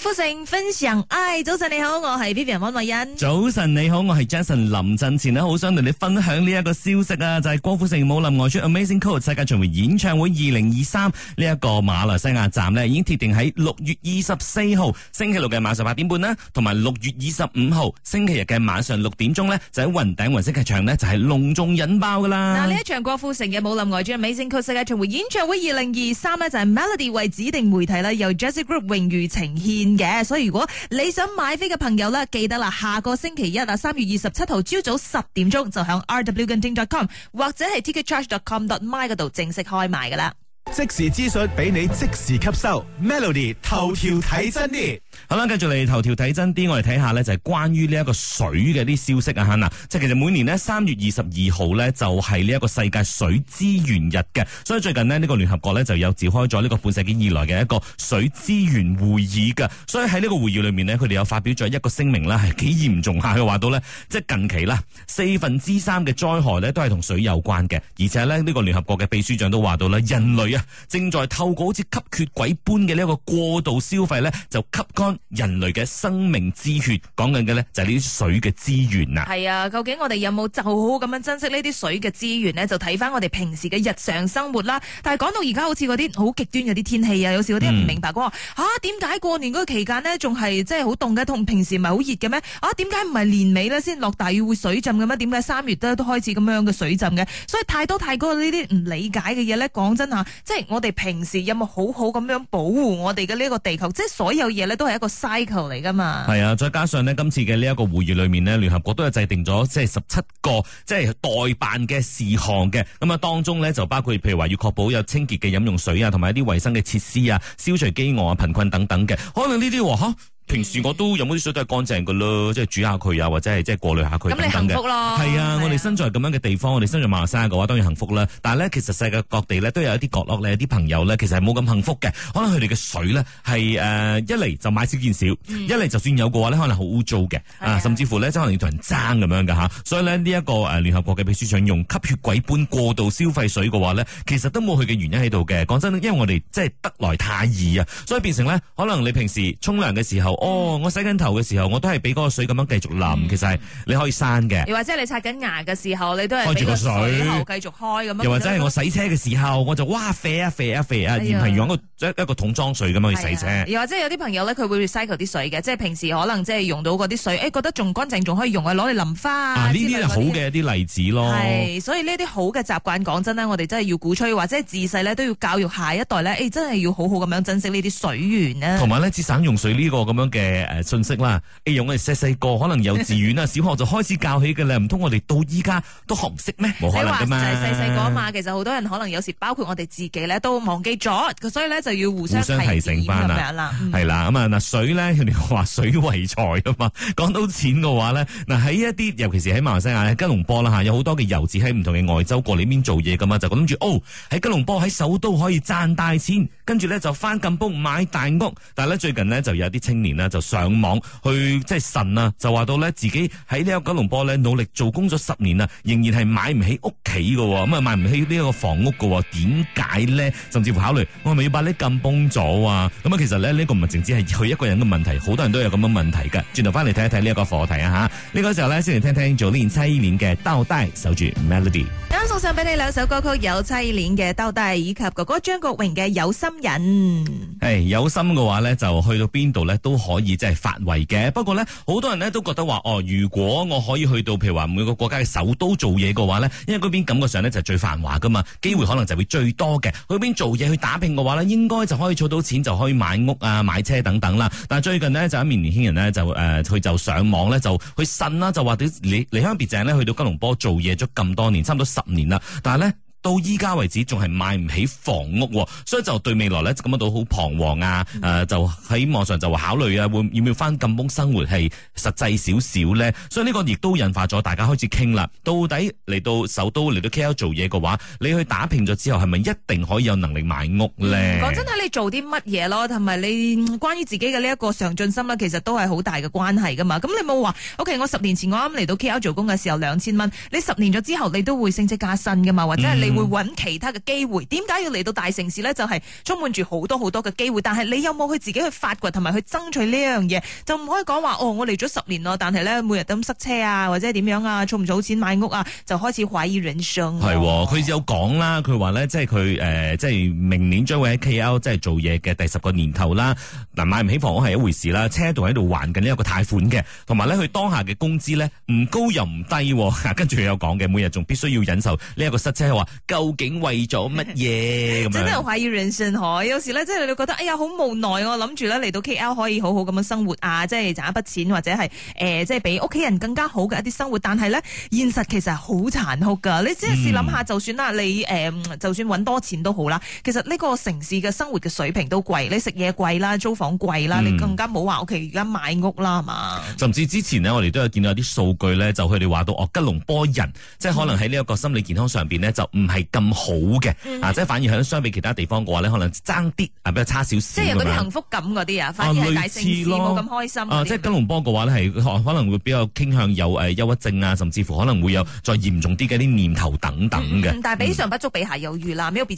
郭富城分享：，哎，早晨你好，我係 Vivian 溫慧欣。早晨你好，我係 Jason。臨陣前林振前咧，好想同你分享呢一個消息啊，就係、是、郭富城舞林外傳 Amazing Cool 世界巡回演唱會二零二三呢一個馬來西亞站咧，已經鐵定喺六月二十四號星期六嘅晚上八點半啦，同埋六月二十五號星期日嘅晚上六點鐘咧，就喺雲頂雲色劇場咧，就係隆重引爆噶啦。嗱，呢一場郭富城嘅舞林外傳 Amazing Cool 世界巡回演唱會二零二三咧，就係 Melody 為指定媒體咧，由 Jesse Group 榮譽呈現。嘅，所以如果你想買飛嘅朋友咧，記得啦，下個星期一啊，三月二十七號朝早十點鐘就響 R W Genting dot com 或者係 TicketCharge dot com dot my 嗰度正式開賣噶啦。即時資訊俾你即時吸收，Melody 頭條睇真啲。好啦，繼續嚟，頭條睇真啲，我哋睇下呢，就係關於呢一個水嘅啲消息啊。嗱，即係其實每年呢，三月二十二號呢，就係呢一個世界水資源日嘅，所以最近呢，呢個聯合國呢，就有召開咗呢個半世紀以來嘅一個水資源會議噶。所以喺呢個會議裏面呢，佢哋有發表咗一個聲明啦，係幾嚴重吓，佢話到呢，即係近期啦，四分之三嘅災害呢，都係同水有關嘅，而且呢，呢個聯合國嘅秘書長都話到啦，人類正在透過好似吸血鬼般嘅呢一個過度消費咧，就吸乾人類嘅生命之血。講緊嘅咧就係呢啲水嘅資源啊。係啊，究竟我哋有冇就好好咁樣珍惜呢啲水嘅資源呢？就睇翻，我哋平時嘅日常生活啦。但係講到而家好似嗰啲好極端嗰啲天氣啊，有時嗰啲人唔明白，我話吓點解過年嗰個期間呢仲係即係好凍嘅？同平時唔係好熱嘅咩？啊，點解唔係年尾咧先落大雨會水浸嘅咩？點解三月都都開始咁樣嘅水浸嘅？所以太多太多呢啲唔理解嘅嘢，咧。講真吓。即係我哋平時有冇好好咁樣保護我哋嘅呢個地球？即係所有嘢，咧都係一個 cycle 嚟噶嘛？係啊，再加上呢，今次嘅呢一個會議裏面咧，聯合國都有制定咗即係十七個即係待辦嘅事項嘅。咁啊當中呢，就包括譬如話要確保有清潔嘅飲用水啊，同埋一啲衛生嘅設施啊，消除饑餓啊、貧困等等嘅。可能呢啲吓。平時我都飲啲水都係乾淨嘅咯，即係煮下佢啊，或者係即係過濾下佢等等嘅。係啊，啊我哋身在咁樣嘅地方，我哋身在馬來西亞嘅話，當然幸福啦。但咧，其實世界各地咧都有一啲角落咧，有啲朋友咧，其實係冇咁幸福嘅。可能佢哋嘅水咧係誒一嚟就買少見少，嗯、一嚟就算有嘅話咧，可能好污糟嘅，甚至乎咧可能要同人爭咁樣嘅吓。所以呢，呢、這、一個誒聯合國嘅秘書長用吸血鬼般過度消費水嘅話咧，其實都冇佢嘅原因喺度嘅。講真，因為我哋即係得來太易啊，所以變成咧可能你平時沖涼嘅時候。哦，我洗緊頭嘅時候，我都係俾嗰個水咁樣繼續淋。嗯、其實你可以閂嘅。又或者你刷緊牙嘅時候，你都係開住個水，繼續開咁。又或者係我洗車嘅時候，我就哇飛啊飛啊飛啊，唔係、啊哎、呀用一個一個桶裝水咁樣去洗車。又、啊、或者有啲朋友咧，佢會 recycle 啲水嘅，即係平時可能即係用到嗰啲水，誒、哎、覺得仲乾淨，仲可以用，用啊，攞嚟淋花。呢啲係好嘅一啲例子咯。所以呢啲好嘅習慣，講真咧，我哋真係要鼓吹，或者自細咧都要教育下一代咧、哎，真係要好好咁樣珍惜呢啲水源啦。同埋咧，節省用水呢、這個咁樣。嘅誒信息啦，阿、哎、勇我哋細細個可能幼稚園啦， 小學就開始教起嘅啦，唔通我哋到依家都學唔識咩？冇可能噶嘛！細細個嘛，其實好多人可能有時包括我哋自己咧都忘記咗，所以咧就要互相提，互相提醒咁樣啦。係啦、嗯，咁啊嗱，嗯、水咧佢哋話水為財啊嘛。講到錢嘅話咧，嗱喺一啲尤其是喺馬來西亞吉隆坡啦吓，有好多嘅遊子喺唔同嘅外州過嚟面做嘢噶嘛，就諗住哦喺吉隆坡喺首都可以賺大錢。跟住咧就翻金崩買大屋，但係咧最近呢，就有啲青年咧就上網去即係神啊，就話到咧自己喺呢個九龍波咧努力做工咗十年啊，仍然係買唔起屋企嘅，咁啊買唔起呢一個房屋嘅、哦，點解咧？甚至乎考慮，我係咪要把你金崩咗啊？咁、嗯、啊，其實咧呢、這個唔係淨止係佢一個人嘅問題，好多人都有咁嘅問題嘅。轉頭翻嚟睇一睇呢一個課題啊嚇，呢、這個時候咧先嚟聽聽做呢年妻年嘅兜底守住 Melody，啱送上俾你兩首歌曲，有妻年嘅兜底以及哥哥張國榮嘅有心。人，誒，hey, 有心嘅話咧，就去到邊度咧都可以即係發圍嘅。不過咧，好多人咧都覺得話，哦，如果我可以去到譬如話每個國家嘅首都做嘢嘅話咧，因為嗰邊感覺上咧就係最繁華噶嘛，機會可能就會最多嘅。去邊做嘢去打拼嘅話咧，應該就可以儲到錢，就可以買屋啊、買車等等啦。但係最近呢，就一名年輕人咧就誒，佢、呃、就上網咧就去呻啦、啊，就話屌你，離鄉別井咧去到吉隆坡做嘢咗咁多年，差唔多十年啦，但係咧。到依家為止仲係買唔起房屋，所以就對未來呢咁樣到好彷徨啊！誒、嗯呃，就喺網上就話考慮啊，會要唔要翻咁般生活係實際少少呢，所以呢個亦都引發咗大家開始傾啦。到底嚟到首都嚟到 KL 做嘢嘅話，你去打拼咗之後，係咪一定可以有能力買屋呢？講、嗯、真，睇你做啲乜嘢咯，同埋你關於自己嘅呢一個上進心啦，其實都係好大嘅關係噶嘛。咁你冇話，OK，我十年前我啱嚟到 KL 做工嘅時候兩千蚊，你十年咗之後你都會升職加薪噶嘛？或者係你？嗯嗯、會揾其他嘅機會，點解要嚟到大城市呢？就係、是、充滿住好多好多嘅機會，但係你有冇去自己去發掘同埋去爭取呢樣嘢？就唔可以講話哦，我嚟咗十年咯，但係咧每日都咁塞車啊，或者點樣啊，儲唔儲錢買屋啊，就開始懷疑人生、啊。係，佢有講啦，佢話咧即係佢誒，即係、呃、明年將會喺 K L 即係做嘢嘅第十個年頭啦。嗱，買唔起房屋係一回事啦，車仲喺度還緊一、這個貸款嘅，同埋咧佢當下嘅工資咧唔高又唔低，跟住佢有講嘅，每日仲必須要忍受呢一個塞車。究竟為咗乜嘢？咁真係好懷疑人生，可有時咧，即係你覺得哎呀好無奈，我諗住咧嚟到 KL 可以好好咁樣生活啊，即係賺一筆錢，或者係誒、呃，即係俾屋企人更加好嘅一啲生活。但係呢，現實其實係好殘酷噶。你即係試諗下、嗯就呃，就算啦，你誒，就算搵多錢都好啦。其實呢個城市嘅生活嘅水平都貴，你食嘢貴啦，租房貴啦，嗯、你更加冇話屋企而家買屋啦，係嘛。甚至之前呢，我哋都有見到有啲數據呢，就佢哋話到哦，吉隆坡人即係、嗯、可能喺呢一個心理健康上邊呢，就唔。嗯係咁好嘅，或者、嗯啊、反而響相比其他地方嘅話咧，可能爭啲啊，比較差少少。即係嗰啲幸福感嗰啲啊，反而係大城市冇咁開心、啊。即係吉隆坡嘅話咧，係、嗯、可能會比較傾向有誒、呃、憂鬱症啊，甚至乎可能會有再嚴重啲嘅啲念頭等等嘅、嗯嗯。但係比上不足，比下有餘啦。Because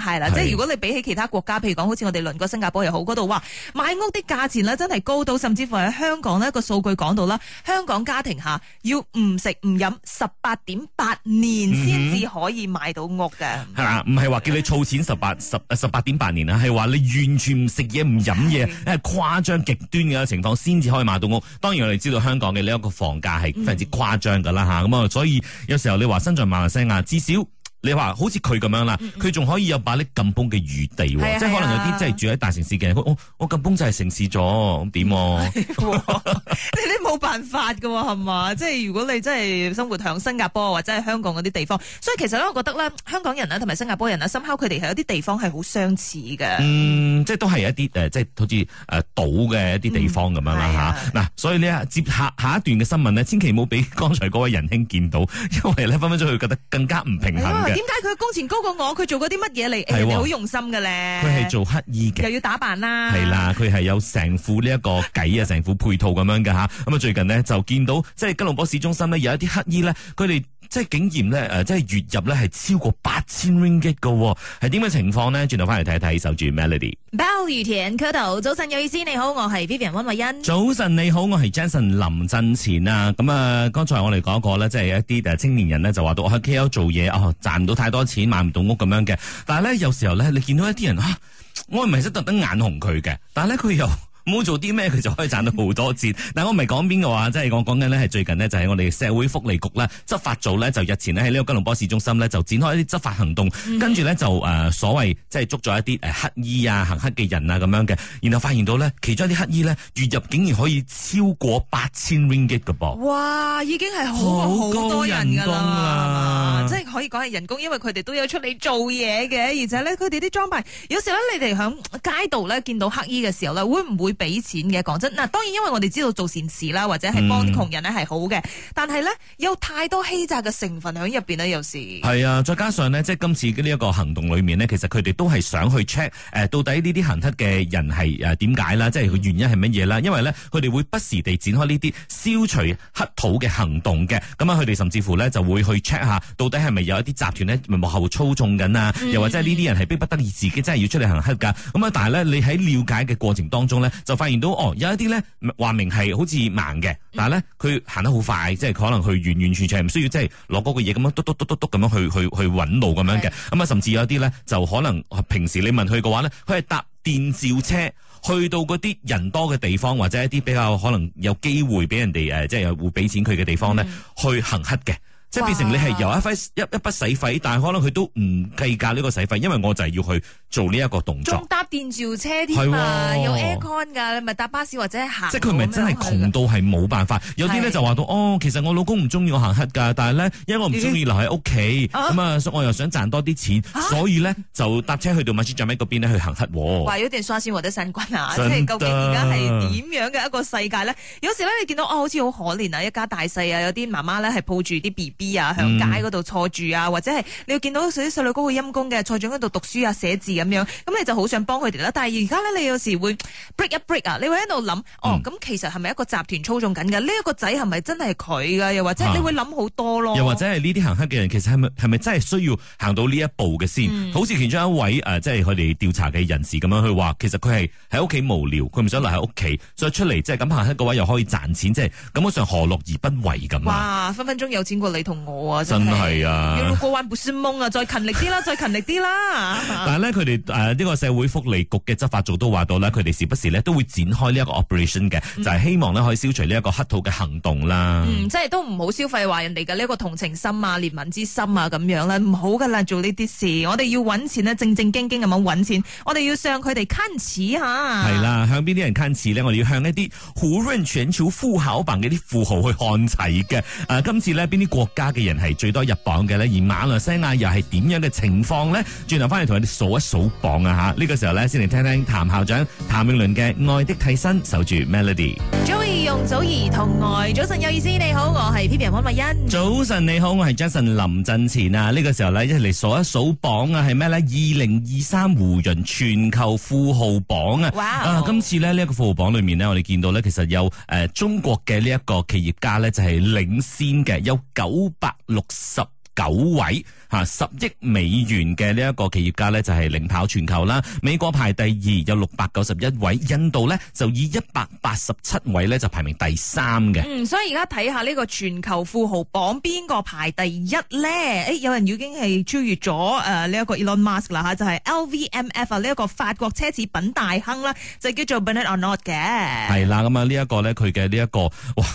係啦，是即係如果你比起其他國家，譬如講好似我哋鄰國新加坡又好嗰度，哇，買屋啲價錢呢真係高到，甚至乎喺香港咧個數據講到啦，香港家庭下要唔食唔飲十八點八年先至可以買、嗯。買到屋嘅，係嘛？唔係話叫你儲錢十八十十八點八年啊，係話你完全唔食嘢唔飲嘢，係誇張極端嘅情況先至可以買到屋。當然我哋知道香港嘅呢一個房價係非常之誇張噶啦吓，咁、嗯、啊，所以有時候你話身在馬來西亞，至少。你話好似佢咁樣啦，佢仲、嗯、可以有把力禁崩嘅餘地喎，是啊、即係可能有啲真係住喺大城市嘅人，我、哦、我禁崩就係城市咗，咁點、啊？你你冇辦法噶，係嘛？即係如果你真係生活響新加坡或者係香港嗰啲地方，所以其實咧，我覺得咧，香港人咧同埋新加坡人咧，深刻佢哋係有啲地方係好相似嘅。嗯，即係都係一啲誒，即係好似誒島嘅一啲地方咁、嗯嗯、樣啦吓。嗱是、啊啊，所以呢、啊，接下下一段嘅新聞呢，千祈冇俾剛才嗰位仁兄見到，因為咧分分鐘佢覺得更加唔平衡。 點解佢工錢高過我？佢做過啲乜嘢嚟？你好、哦、用心嘅咧。佢係做乞衣嘅，又要打扮啦。係啦，佢係有成副呢一個計啊，成副配套咁樣嘅吓。咁啊，嗯、最近呢，就見到，即係吉隆坡市中心咧，有一啲乞衣咧，佢哋。即係竟然咧誒，即係月入咧係超過八千 ringgit 嘅，哦，係點嘅情況呢？轉頭翻嚟睇一睇，守住 Melody。b 早晨有意思，你好，我係 Vivian 溫慧欣。早晨你好，我係 Jason 林振前啊。咁啊，剛才我哋講過咧，即係一啲青年人咧就話到喺 KL 做嘢啊，賺、哦、唔到太多錢，買唔到屋咁樣嘅。但係咧，有時候咧你見到一啲人啊，我唔係識特登眼紅佢嘅，但係咧佢又。冇做啲咩佢就可以賺到好多錢。 但我唔係講邊個話，即、就、係、是、我講緊呢，係最近呢，就喺我哋社會福利局啦，執法組呢，就日前呢，喺呢個吉隆坡市中心呢，就展開一啲執法行動，跟住呢，就誒、呃、所謂即係捉咗一啲誒乞衣啊行乞嘅人啊咁樣嘅，然後發現到呢，其中一啲乞衣呢，月入竟然可以超過八千 ringgit 噶噃。哇，已經係好，好人多人噶啦、嗯，即係可以講係人工，因為佢哋都有出嚟做嘢嘅，而且呢，佢哋啲裝備，有時咧你哋響街道呢，見到乞衣嘅時候呢，會唔會？俾錢嘅講真嗱、啊，當然因為我哋知道做善事啦，或者係幫啲窮人咧係好嘅，嗯、但係呢，有太多欺詐嘅成分喺入邊呢，有時係啊，再加上呢，即係今次呢一個行動裏面呢，其實佢哋都係想去 check 誒、呃、到底、啊、呢啲行乞嘅人係誒點解啦，即係原因係乜嘢啦？因為呢，佢哋會不時地展開呢啲消除乞討嘅行動嘅，咁啊佢哋甚至乎呢就會去 check 下到底係咪有一啲集團咧幕後操縱緊啊，又或者呢啲人係逼不得已自己真係要出嚟行乞㗎？咁啊，但係呢，你喺了解嘅過程當中呢，呢呢就發現到哦，有一啲咧話明係好似盲嘅，但係咧，佢行得好快，即係可能佢完完全全唔需要即係攞嗰個嘢咁樣叮叮叮叮叮，嘟嘟嘟篤篤咁樣去去去揾路咁樣嘅。咁啊，甚至有一啲咧就可能平時你問佢嘅話咧，佢係搭電召車去到嗰啲人多嘅地方，或者一啲比較可能有機會俾人哋誒，即係會俾錢佢嘅地方咧，是的 去行乞嘅。即係變成你係由一揮一一筆使費，但係可能佢都唔計價呢個使費，因為我就係要去做呢一個動作，搭電召車添嘛、啊，嗯、有 Aircon 噶，你咪搭巴士或者行。即佢咪真係窮到係冇辦法，的有啲咧就話到哦，其實我老公唔中意我行乞噶，但係咧，因為我唔中意留喺屋企，咁些啊，所以我又想賺多啲錢，啊、所以咧就搭車去到馬士站尾嗰邊咧去行乞。話、啊、有點刷新或者三觀啊！的即係究竟而家係點樣嘅一個世界咧？有時咧你見到哦，好似好可憐啊，一家大細啊，有啲媽媽咧係抱住啲 B 啊，嗯、向街嗰度坐住啊，或者係你會見到啲細路哥好陰功嘅，坐住喺度讀書啊、寫字咁樣，咁你就好想幫佢哋啦。但係而家咧，你有時會 break 一 break 啊，你會喺度諗，嗯、哦，咁其實係咪一個集團操縱緊嘅？呢、這、一個仔係咪真係佢噶？又或者你會諗好多咯、啊？又或者係呢啲行乞嘅人，其實係咪係咪真係需要行到呢一步嘅先？好似、嗯、其中一位誒，即係佢哋調查嘅人士咁樣去話，其實佢係喺屋企無聊，佢唔想留喺屋企，所以出嚟即係咁行乞嘅話，又可以賺錢，即係咁樣上何樂而不為咁哇！分分鐘有錢過你。真係啊！要過彎不算懵啊！再勤力啲啦、啊， 再勤力啲啦、啊！但係咧，佢哋誒呢個社會福利局嘅執法組都話到咧，佢哋時不時咧都會展開呢一個 operation 嘅，嗯、就係希望呢可以消除呢一個乞討嘅行動啦。嗯、即係都唔好消費話人哋嘅呢個同情心啊、憐憫之心啊咁樣啦，唔好㗎啦，做呢啲事，我哋要揾錢咧，正正經經咁樣揾錢，我哋要向佢哋看齊吓。係啦，向邊啲人看齊咧？我哋要向呢啲胡潤全球富豪榜嘅啲富豪去看齊嘅。誒、呃，今次咧邊啲國家嘅人係最多入榜嘅咧？而馬來西亞又係點樣嘅情況呢？轉頭翻嚟同你哋數一數榜啊！吓，呢個時候咧先嚟聽聽譚校長譚詠麟嘅《愛的替身》，守住 Melody。早兒用早兒同愛，早晨有意思，你好，我係 P B R 溫慧欣。早晨你好，我係 Jason 林振前啊！呢個時候咧一嚟數一數榜啊，係咩咧？二零二三胡潤全球富豪榜啊！啊，今次呢，呢一個富豪榜裏面呢，我哋見到呢，其實有誒中國嘅呢一個企業家呢，就係領先嘅，有九。一百六十九位吓十億美元嘅呢一個企業家咧就係領跑全球啦，美國排第二有六百九十一位，印度咧就以一百八十七位咧就排名第三嘅。嗯，所以而家睇下呢個全球富豪榜邊個排第一咧？誒、哎，有人已經係超越咗誒呢一個 Elon Musk 啦吓、啊，就係、是、LVMF 啊呢一、這個法國奢侈品大亨啦、啊，就叫做 Bernard Arnault 嘅。係啦，咁啊呢一、這個咧佢嘅呢一個哇。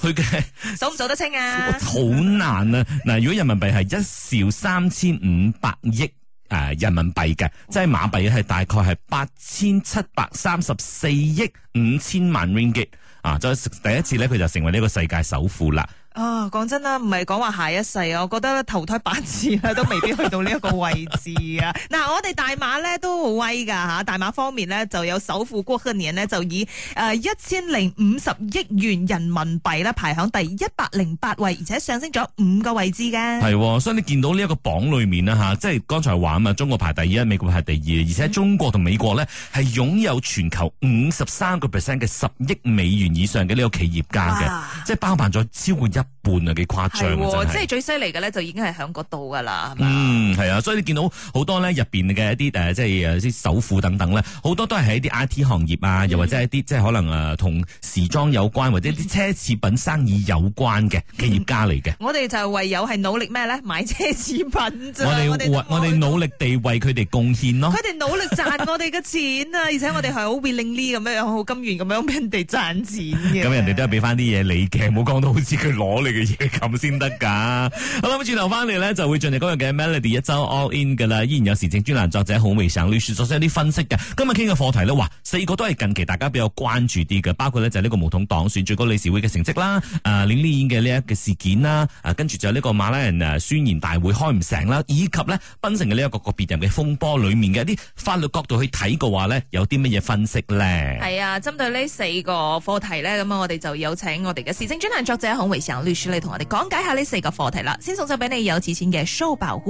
佢嘅數唔數得清啊？好難啊！嗱， 如果人民幣係一兆三千五百億誒人民幣嘅， 即係馬幣係大概係八千七百三十四億五千萬 ringgit 啊！就第一次咧，佢就成為呢個世界首富啦。啊，講真啦，唔係講話下一世，我覺得投胎八次啦，都未必去到呢一個位置 啊！嗱，我哋大馬咧都好威噶吓，啊，大馬方面呢就有首富郭鶴年呢，就以誒一千零五十億元人民幣咧排喺第一百零八位，而且上升咗五個位置嘅。係，啊，所以你見到呢一個榜裏面呢，吓，啊，即係剛才話嘛，中國排第一，美國排第二，而且中國同美國呢係擁有全球五十三個 percent 嘅十億美元以上嘅呢個企業家嘅，哇即係包辦咗超過一半啊，幾誇張嘅真係，即係最犀利嘅咧，就已經係喺嗰度噶啦，係嘛？嗯，係啊，所以你見到好多咧，入邊嘅一啲誒、啊，即係誒，啲首富等等咧，好多都係喺啲 I T 行業啊，嗯、又或者一啲即係可能誒，同、啊、時裝有關或者啲奢侈品生意有關嘅企業家嚟嘅。 我哋就唯有係努力咩咧？買奢侈品啫。我哋們努力地為佢哋貢獻咯。佢哋努力賺我哋嘅錢啊， 而且我哋係好 w i l l i n g 咁樣，好甘願咁樣俾人哋賺錢咁 人哋都係俾翻啲嘢你嘅，唔好講到好似佢攞。我哋嘅嘢咁先得噶。好啦，咁轉頭翻嚟咧，就會進行今日嘅 Melody 一周 All In 噶啦。依然有時政專欄作者孔維祥、李樹做些啲分析嘅。今日傾嘅課題呢，哇，四個都係近期大家比較關注啲嘅，包括呢就係呢個巫統黨選最高理事會嘅成績啦，誒、呃，李麗演嘅呢一嘅事件啦，誒、呃，跟住就呢個馬來人誒宣言大會開唔成啦，以及呢，檳城嘅呢一個個別人嘅風波裏面嘅一啲法律角度去睇嘅話呢，有啲乜嘢分析咧？係啊，針對呢四個課題呢，咁啊，我哋就有請我哋嘅時政專欄作者孔維祥。律師嚟，同我哋講解下呢四個課題啦，先送咗俾你有錢錢嘅 show 包。